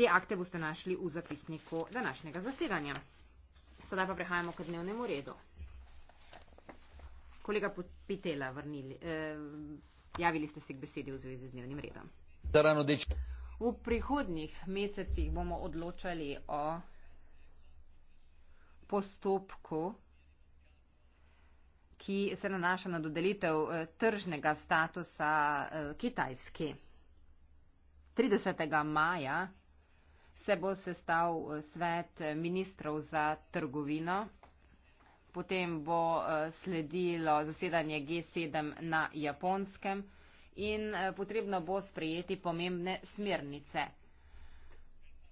Te akte boste našli v zapisniku današnjega zasedanja. Sedaj pa prehajamo k dnevnemu redu. Kolega Pitela, vrnili, eh, javili ste se k besedi v zvezi z dnevnim redom. V prihodnih mesecih bomo odločali o postopku, ki se nanaša na dodelitev eh, tržnega statusa eh, Kitajski. 30. maja se bo sestal eh, svet eh, ministrov za trgovino, potem bo eh, sledilo zasedanje G7 na japonskem in potrebno bo sprejeti pomembne smernice.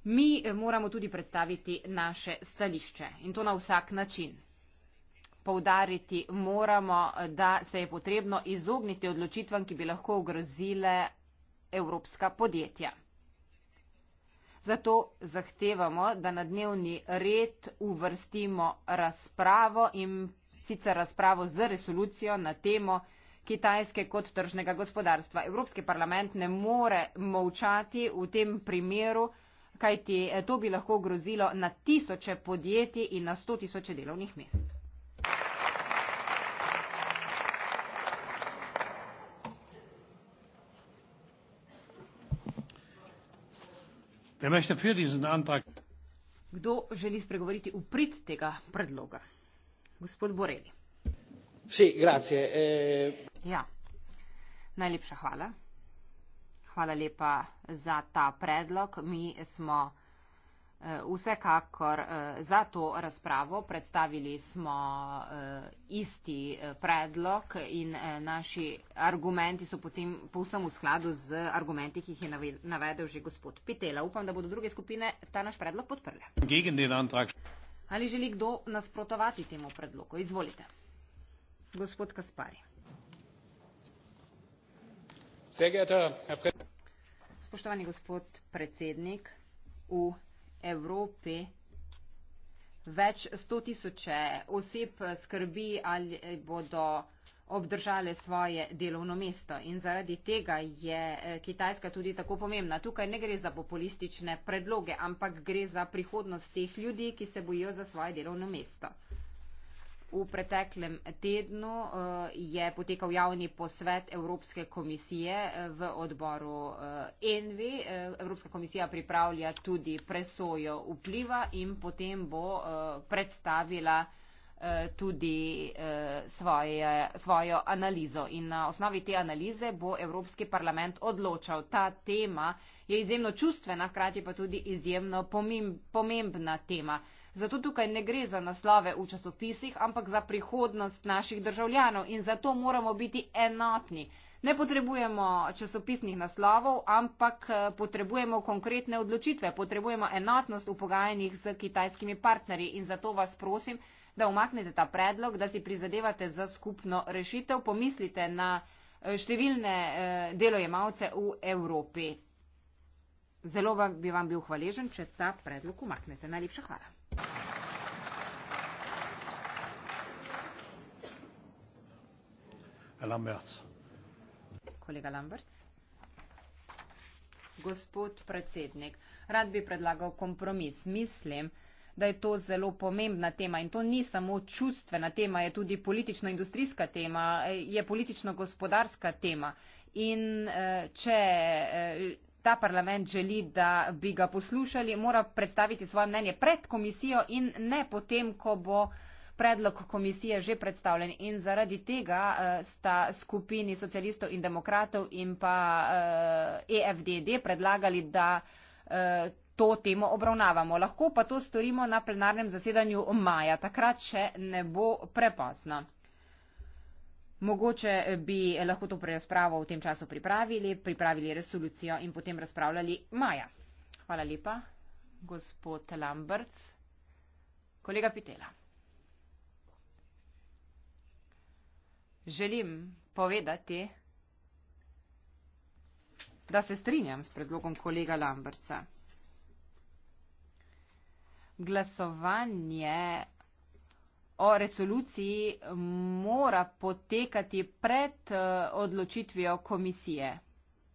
Mi moramo tudi predstaviti naše stališče in to na vsak način. Poudariti moramo, da se je potrebno izogniti odločitvam, ki bi lahko ogrozile evropska podjetja. Zato zahtevamo, da na dnevni red uvrstimo razpravo in sicer razpravo z resolucijo na temo Kitajske kot tržnega gospodarstva. Evropski parlament ne more molčati v tem primeru, kajti to bi lahko grozilo na tisoče podjetij in na sto tisoče delovnih mest. kdo želi spregovoriti v prid tega predloga gospod boreli eh, ja najlepša hvala hvala lepa za ta predlog mi smo Eh, vsekakor eh, za to razpravo predstavili smo eh, isti predlog in naši argumenti so potem povsem v skladu z argumenti, ki jih je navedel že gospod Pitela. Upam, da bodo druge skupine ta naš predlog podprle. Ali želi kdo nasprotovati temu predlogu? Izvolite. Gospod Kaspari. Spoštovani gospod predsednik. V Evropi. Več sto tisoč oseb skrbi, ali bodo obdržale svoje delovno mesto. In zaradi tega je eh, Kitajska tudi tako pomembna. Tukaj ne gre za populistične predloge, ampak gre za prihodnost teh ljudi, ki se bojijo za svoje delovno mesto. V preteklem tednu eh, je potekal javni posvet Evropske komisije eh, v odboru eh, Envi. Evropska komisija pripravlja tudi presojo vpliva in potem bo predstavila tudi svoje, svojo analizo. In na osnovi te analize bo Evropski parlament odločal. Ta tema je izjemno čustvena, hkrati pa tudi izjemno pomembna tema. Zato tukaj ne gre za naslove v časopisih, ampak za prihodnost naših državljanov in zato moramo biti enotni. Ne potrebujemo časopisnih naslovov, ampak eh, potrebujemo konkretne odločitve, potrebujemo enotnost v pogajanjih z kitajskimi partnerji in zato vas prosim, da umaknete ta predlog, da si prizadevate za skupno rešitev, pomislite na eh, številne eh, delojemalce v Evropi. Zelo vam bi vam bil hvaležen, če ta predlog umaknete. Najlepša hvala. Kolega Lamberts. Gospod predsednik, rad bi predlagal kompromis. Mislim, da je to zelo pomembna tema in to ni samo čustvena tema, je tudi politično-industrijska tema, je politično-gospodarska tema. In eh, če eh, ta parlament želi, da bi ga poslušali, mora predstaviti svoje mnenje pred komisijo in ne potem, ko bo predlog komisije že predstavljen in zaradi tega eh, sta skupini socialistov in demokratov in pa EFDD eh, e predlagali, da eh, to temo obravnavamo. Lahko pa to storimo na plenarnem zasedanju maja, takrat še ne bo prepasno. Mogoče bi lahko to prerazpravo v tem času pripravili, pripravili resolucijo in potem razpravljali maja. Hvala lepa, gospod Lambert. Kolega Pitela. želim povedati, da se strinjam s predlogom kolega Lamberca. Glasovanje o resoluciji mora potekati pred eh, odločitvijo komisije.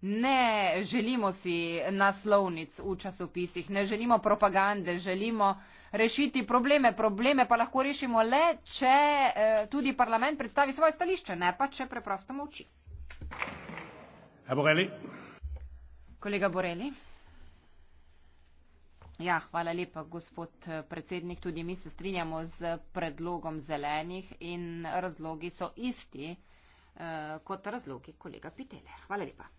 Ne želimo si naslovnic v časopisih, ne želimo propagande, želimo rešiti probleme. Probleme pa lahko rešimo le, če eh, tudi parlament predstavi svoje stališče, ne pa če preprosto moči. Boreli. Kolega Boreli. Ja, hvala lepa, gospod eh, predsednik. Tudi mi se strinjamo z predlogom zelenih in razlogi so isti eh, kot razlogi kolega Pitele. Hvala lepa.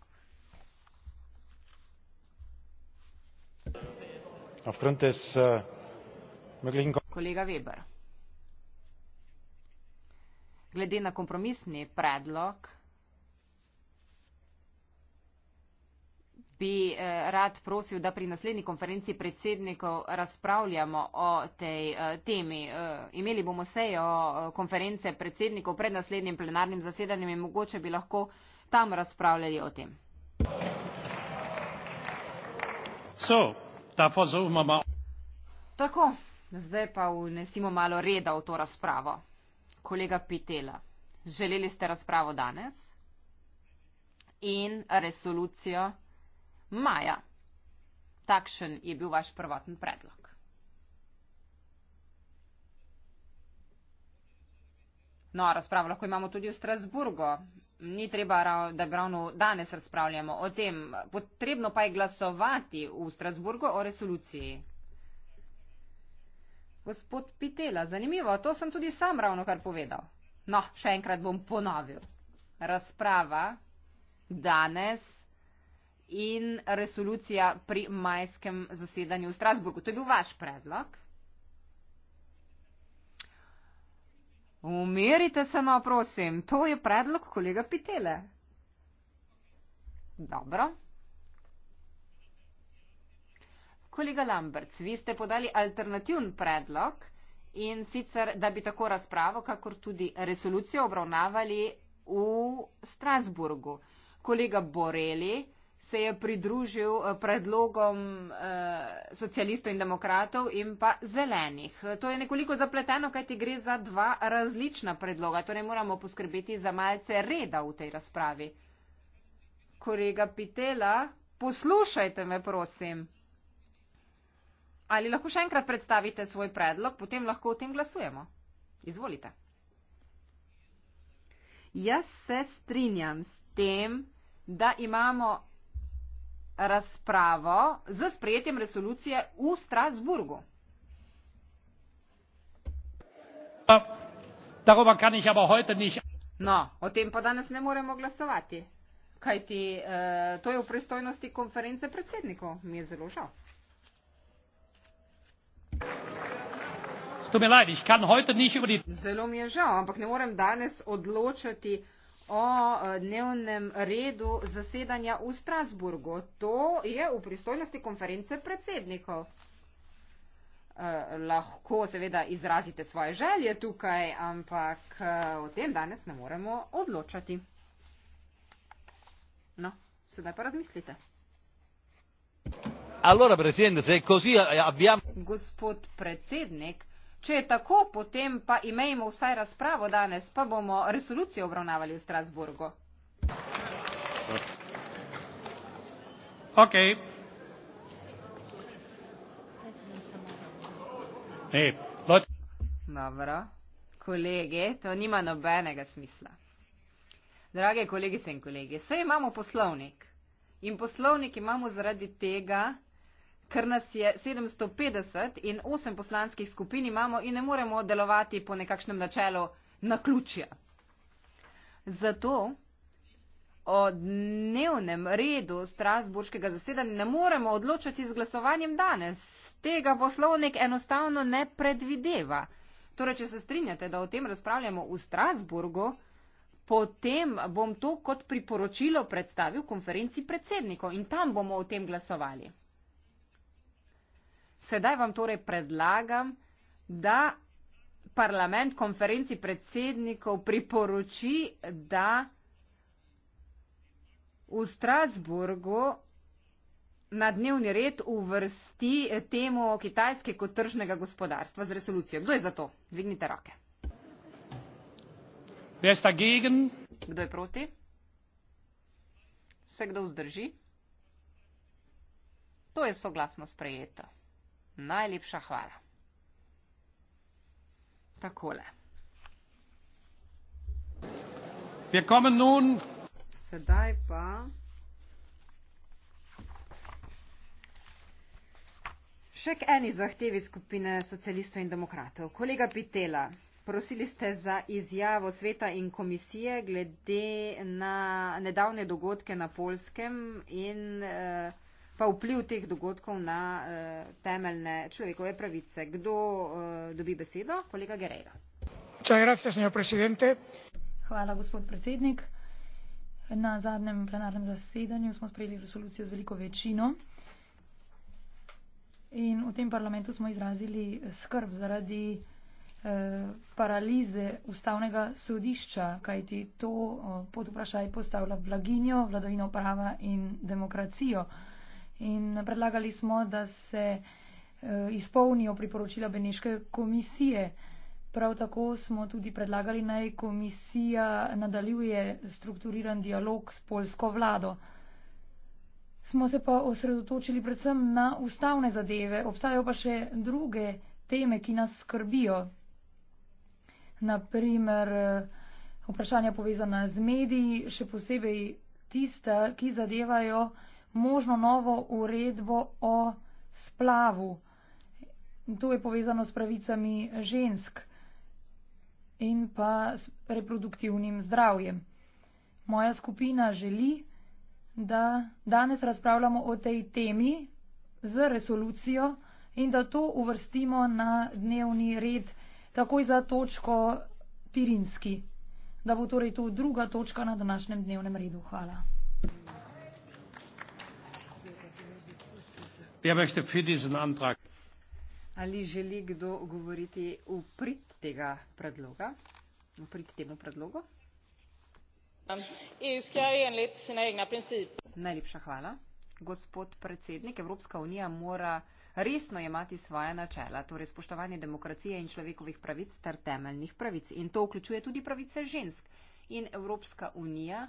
Äh, glede na kompromisni predlog bi eh, rad prosil da pri naslednji konferenci predsednikov razpravljamo o tej eh, temi eh, imeli bomo sejo konference predsednikov pred naslednjim plenarnim zasedanjem in mogoče bi lahko tam razpravljali o tem ta fazo imamo. Tako, zdaj pa unesimo malo reda v to razpravo. Kolega Pitela, želeli ste razpravo danes in resolucijo maja. Takšen je bil vaš prvotni predlog. No, razpravo lahko imamo tudi v Strasburgu ni treba, da bi ravno danes razpravljamo o tem. Potrebno pa je glasovati v Strasburgu o resoluciji. Gospod Pitela, zanimivo, to sem tudi sam ravno kar povedal. No, še enkrat bom ponovil. Razprava danes in resolucija pri majskem zasedanju v Strasburgu. To je bil vaš predlog. Umerite se, no, prosim, to je predlog kolega Pitele. Dobro. Kolega Lamberts, vi ste podali alternativen predlog in sicer, da bi tako razpravo, kakor tudi resolucijo obravnavali v Strasburgu. Kolega Boreli, se je pridružil eh, predlogom eh, socialistov in demokratov in pa zelenih. To je nekoliko zapleteno, kajti gre za dva različna predloga, torej moramo poskrbeti za malce reda v tej razpravi. Korega Pitela, poslušajte me, prosim. Ali lahko še enkrat predstavite svoj predlog, potem lahko o tem glasujemo. Izvolite. Jaz se strinjam s tem, da imamo razpravo z sprejetjem resolucije v Strasburgu. Ja, no, o tem pa danes ne moremo glasovati, kajti eh, to je v pristojnosti konference predsednikov. Mi je zelo žal. Zelo mi je žal, ampak ne morem danes odločati o e, dnevnem redu zasedanja v Strasburgu. To je v pristojnosti konference predsednikov. Eh, lahko seveda izrazite svoje želje tukaj, ampak eh, o tem danes ne moremo odločati. No, sedaj pa razmislite. Allora, presidente, se così eh, avviamo. Gospod predsednik, eh, Če je tako, potem pa imejmo vsaj razpravo danes, pa bomo resolucijo obravnavali v Strasburgu. Okay. Hey, Dobro, kolege, to nima nobenega smisla. Drage kolegice in kolege, vse imamo poslovnik. In poslovnik imamo zaradi tega, ker nas je 750 in 8 poslanskih skupin imamo in ne moremo delovati po nekakšnem načelu na ključje. Zato o dnevnem redu strasburškega zasedanja ne moremo odločati z glasovanjem danes. Tega poslovnik enostavno ne predvideva. Torej, če se strinjate, da o tem razpravljamo v Strasburgu, potem bom to kot priporočilo predstavil konferenci predsednikov in tam bomo o tem glasovali. Sedaj vam torej predlagam, da parlament konferenci predsednikov priporoči, da v Strasburgu na dnevni red uvrsti temo Kitajske kot tržnega gospodarstva z resolucijo. Kdo je za to? Dvignite roke. Kdo je proti? Se kdo vzdrži? To je soglasno sprejeto. Najlepša hvala. Takole. Sedaj pa. Še k eni zahtevi skupine socialistov in demokratov. Kolega Pitela, prosili ste za izjavo sveta in komisije glede na nedavne dogodke na Polskem in. Eh, pa vpliv teh dogodkov na uh, temeljne človekove pravice. Kdo uh, dobi besedo? Kolega Gerejra. Hvala, gospod predsednik. Na zadnjem plenarnem zasedanju smo sprejeli resolucijo z veliko večino. In v tem parlamentu smo izrazili skrb zaradi eh, paralize ustavnega sodišča, kajti to pod vprašaj postavlja blaginjo, vladavino prava in demokracijo. In predlagali smo, da se eh, izpolnijo priporočila Beneške komisije. Prav tako smo tudi predlagali, naj komisija nadaljuje strukturiran dialog s polsko vlado. Smo se pa osredotočili predvsem na ustavne zadeve, obstajajo pa še druge teme, ki nas skrbijo. Naprimer, eh, vprašanja povezana z mediji, še posebej tista, ki zadevajo možno novo uredbo o splavu. To je povezano s pravicami žensk in pa s reproduktivnim zdravjem. Moja skupina želi, da danes razpravljamo o tej temi z resolucijo in da to uvrstimo na dnevni red takoj za točko Pirinski. Da bo torej to druga točka na današnjem dnevnem redu. Hvala. ali želi kdo govoriti v prid tega predloga v prid temu predlogu e najlepša hvala gospod predsednik evropska unija mora resno jemati svoja načela torej spoštovanje demokracije in človekovih pravic ter temeljnih pravic in to vključuje tudi pravice žensk in evropska unija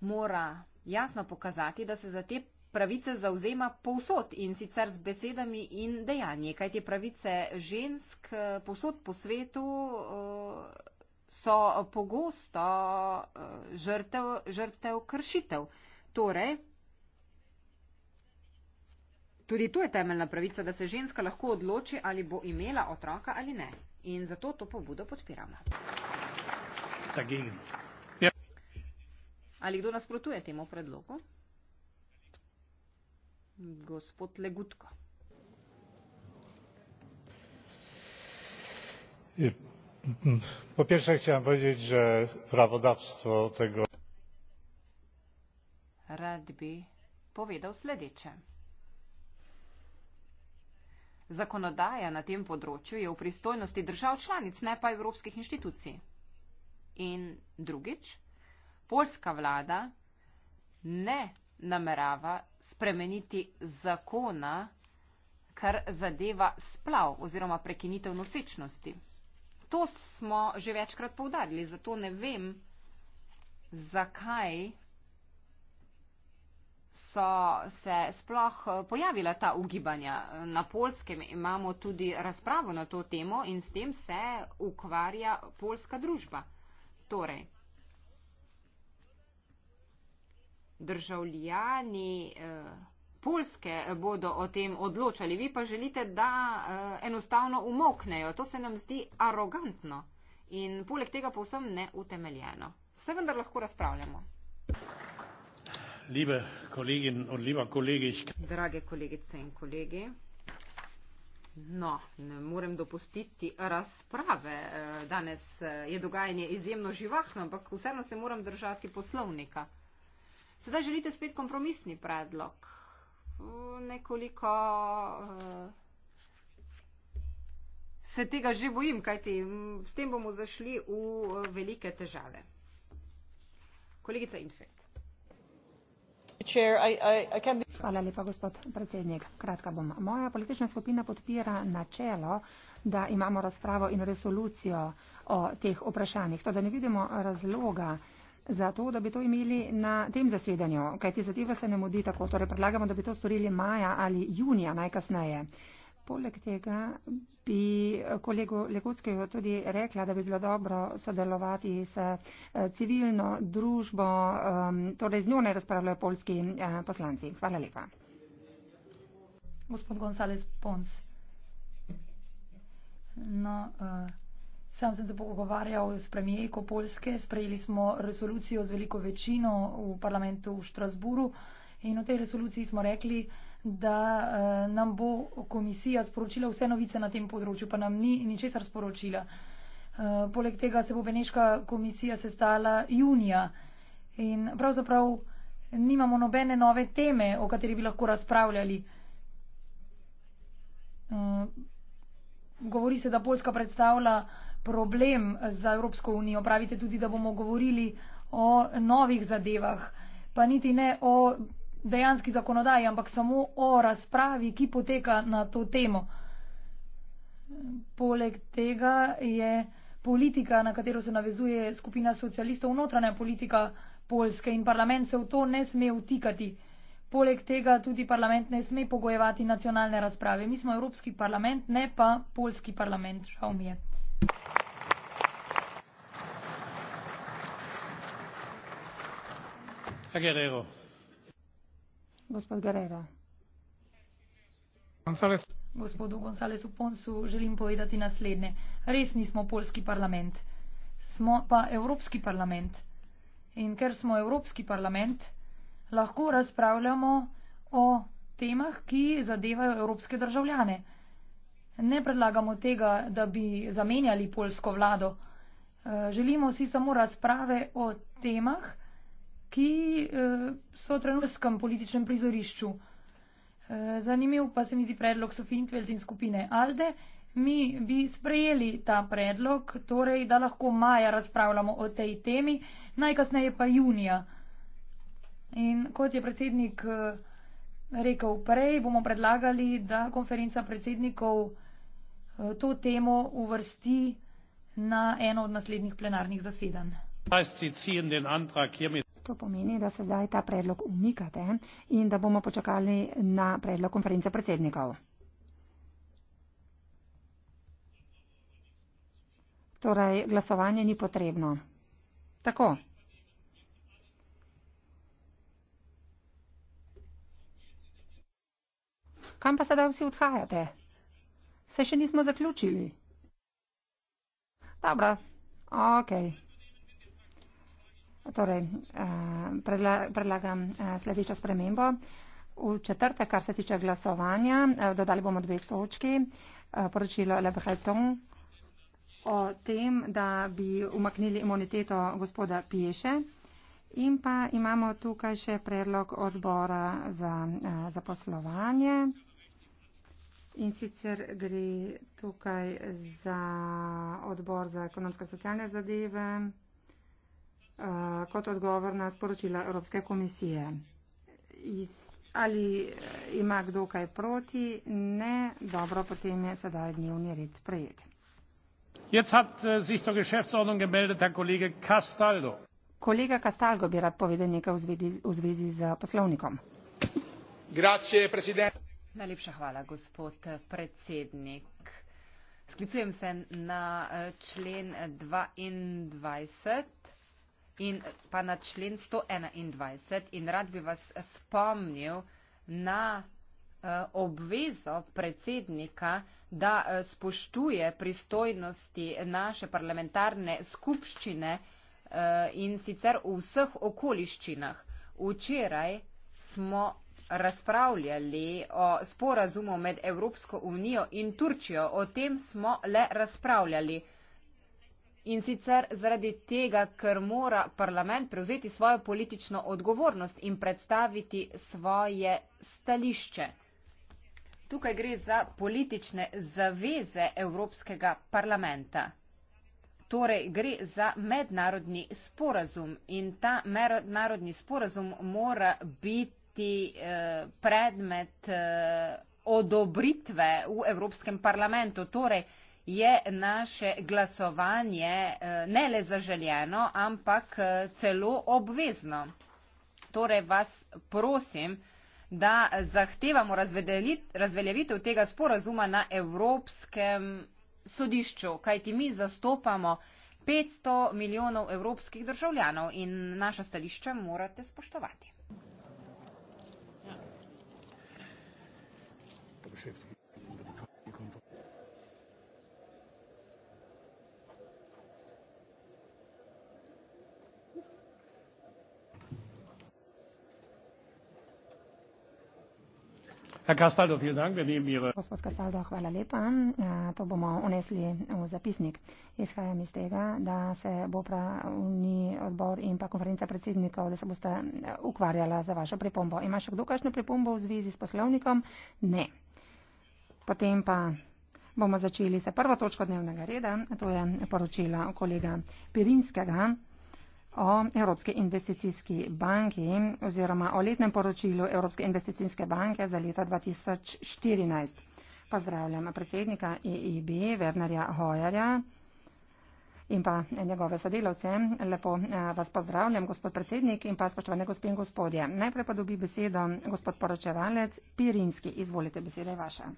mora jasno pokazati da se za te pravice zauzema povsod in sicer z besedami in dejanji, kajti pravice žensk eh, povsod po svetu eh, so pogosto eh, žrtev, žrtev kršitev. Torej, tudi tu je temeljna pravica, da se ženska lahko odloči, ali bo imela otroka ali ne. In zato to pobudo podpiramo. Ali kdo nasprotuje temu predlogu? gospod Legutko. Mm, po pierwsze chciałem powiedzieć, że prawodawstwo tego... Rad bi povedal sledeče. Zakonodaja na tem področju je v pristojnosti držav članic, ne pa evropskih inštitucij. In drugič, polska vlada ne namerava spremeniti zakona, kar zadeva splav oziroma prekinitev nosečnosti. To smo že večkrat povdarili, zato ne vem, zakaj so se sploh eh, pojavila ta ugibanja. Na polskem imamo tudi razpravo na to temo in s tem se ukvarja polska družba. Torej, državljani eh, Polske eh, bodo o tem odločali. Vi pa želite, da eh, enostavno umoknejo. To se nam zdi arogantno in poleg tega povsem neutemeljeno. Se vendar lahko razpravljamo. Liebe kolegin, liebe kolegičk. Drage kolegice in kolegi. No, ne morem dopustiti razprave. Eh, danes eh, je dogajanje izjemno živahno, ampak vseeno se moram držati poslovnika. Sedaj želite spet kompromisni predlog. Nekoliko eh, se tega že bojim, kajti s tem bomo zašli v eh, velike težave. Kolegica Infekt. Hvala lepa, gospod predsednik. Kratka bom. Moja politična skupina podpira načelo, da imamo razpravo in resolucijo o teh vprašanjih. To, da ne vidimo razloga, zato, da bi to imeli na tem zasedanju, kajti zadeva se ne modi tako. Torej predlagamo, da bi to storili maja ali junija najkasneje. Poleg tega bi kolego Legotskega tudi rekla, da bi bilo dobro sodelovati s eh, civilno družbo, ehm, torej z njo ne razpravljajo polski eh, poslanci. Hvala lepa. Gospod Gonzales Pons. No, uh... Sam sem se pogovarjal s premijejko Polske, sprejeli smo resolucijo z veliko večino v parlamentu v Štrasburu in v tej resoluciji smo rekli, da eh, nam bo komisija sporočila vse novice na tem področju, pa nam ni ničesar sporočila. Eh, poleg tega se bo Beneška komisija sestala junija in pravzaprav nimamo nobene nove teme, o kateri bi lahko razpravljali. Eh, govori se, da Poljska predstavlja problem za Evropsko unijo. Pravite tudi, da bomo govorili o novih zadevah, pa niti ne o dejanski zakonodaji, ampak samo o razpravi, ki poteka na to temo. Poleg tega je politika, na katero se navezuje skupina socialistov, notranja politika Poljske in parlament se v to ne sme vtikati. Poleg tega tudi parlament ne sme pogojevati nacionalne razprave. Mi smo Evropski parlament, ne pa Poljski parlament, žal mi je. Guerrero. Gospod Guerrero. González. Gospodu Gonzalesu Poncu želim povedati naslednje. Res nismo polski parlament, smo pa Evropski parlament. In ker smo Evropski parlament, lahko razpravljamo o temah, ki zadevajo evropske državljane. Ne predlagamo tega, da bi zamenjali polsko vlado. Eh, želimo si samo razprave o temah, ki eh, so v trenutskem političnem prizorišču. Eh, zanimiv pa se mi zdi predlog Sofintveld in skupine Alde. Mi bi sprejeli ta predlog, torej, da lahko maja razpravljamo o tej temi, najkasneje pa junija. In kot je predsednik rekel prej, bomo predlagali, da konferenca predsednikov Eh, to temo uvrsti na eno od naslednjih plenarnih zasedanj. To pomeni, da sedaj ta predlog umikate in da bomo počakali na predlog konference predsednikov. Torej, glasovanje ni potrebno. Tako. Kam pa sedaj vsi odhajate? Se še nismo zaključili. Dobro, ok. Torej, eh, predlagam eh, sledečo spremembo. V četrte, kar se tiče glasovanja, eh, dodali bomo dve točki. Poročilo Le Breton o tem, da bi umaknili imuniteto gospoda Pješe. In pa imamo tukaj še predlog odbora za zaposlovanje. In sicer gre tukaj za odbor za ekonomske socialne zadeve eh, kot odgovor na sporočila Evropske komisije. Ali eh, ima kdo kaj proti? Ne. Dobro, potem je sedaj dnevni red sprejet. Jetzt hat eh, sich zur Geschäftsordnung gemeldet Herr Kollege Castaldo. Kolega Castaldo bi rad povedal nekaj v zvezi, v zvezi z poslovnikom. Grazie, presidente. Najlepša hvala, gospod predsednik. Sklicujem se na e, člen 22 e, in e, pa na člen 121 in rad bi vas spomnil na obvezo predsednika, da spoštuje pristojnosti naše parlamentarne skupščine in sicer v vseh okoliščinah. Včeraj smo razpravljali o sporazumu med Evropsko unijo in Turčijo. O tem smo le razpravljali. In sicer zaradi tega, ker mora parlament prevzeti svojo politično odgovornost in predstaviti svoje stališče. Tukaj gre za politične zaveze Evropskega parlamenta. Torej gre za mednarodni sporazum in ta mednarodni sporazum mora biti postati eh, predmet eh, odobritve v Evropskem parlamentu. Torej je naše glasovanje eh, ne le zaželjeno, ampak celo obvezno. Torej vas prosim, da zahtevamo razveljavitev tega sporazuma na Evropskem sodišču, kajti mi zastopamo 500 milijonov evropskih državljanov in naša stališča morate spoštovati. beschäftigen. Oder die Herr Castaldo, vielen Dank. Wir nehmen Ihre. Gospod Castaldo, hvala lepa. Eh, to bomo unesli v zapisnik. Izhajam iz tega, da se bo pravni odbor in pa konferenca predsednikov, da se boste eh, ukvarjala za vašo pripombo. Ima še kdo kakšno pripombo v zvezi s poslovnikom? Ne. Potem pa bomo začeli sa prvo točko dnevnega reda, to je poročila kolega Pirinskega o Evropske investicijski banki oziroma o letnem poročilu Evropske investicijske banke za leta 2014. Pozdravljam predsednika EIB Wernerja Hojarja in pa njegove sodelavce. Lepo eh, vas pozdravljam, gospod predsednik in pa spoštovane gospe in gospodje. Najprej pa dobi besedo gospod poročevalec Pirinski. Izvolite, beseda je vaša.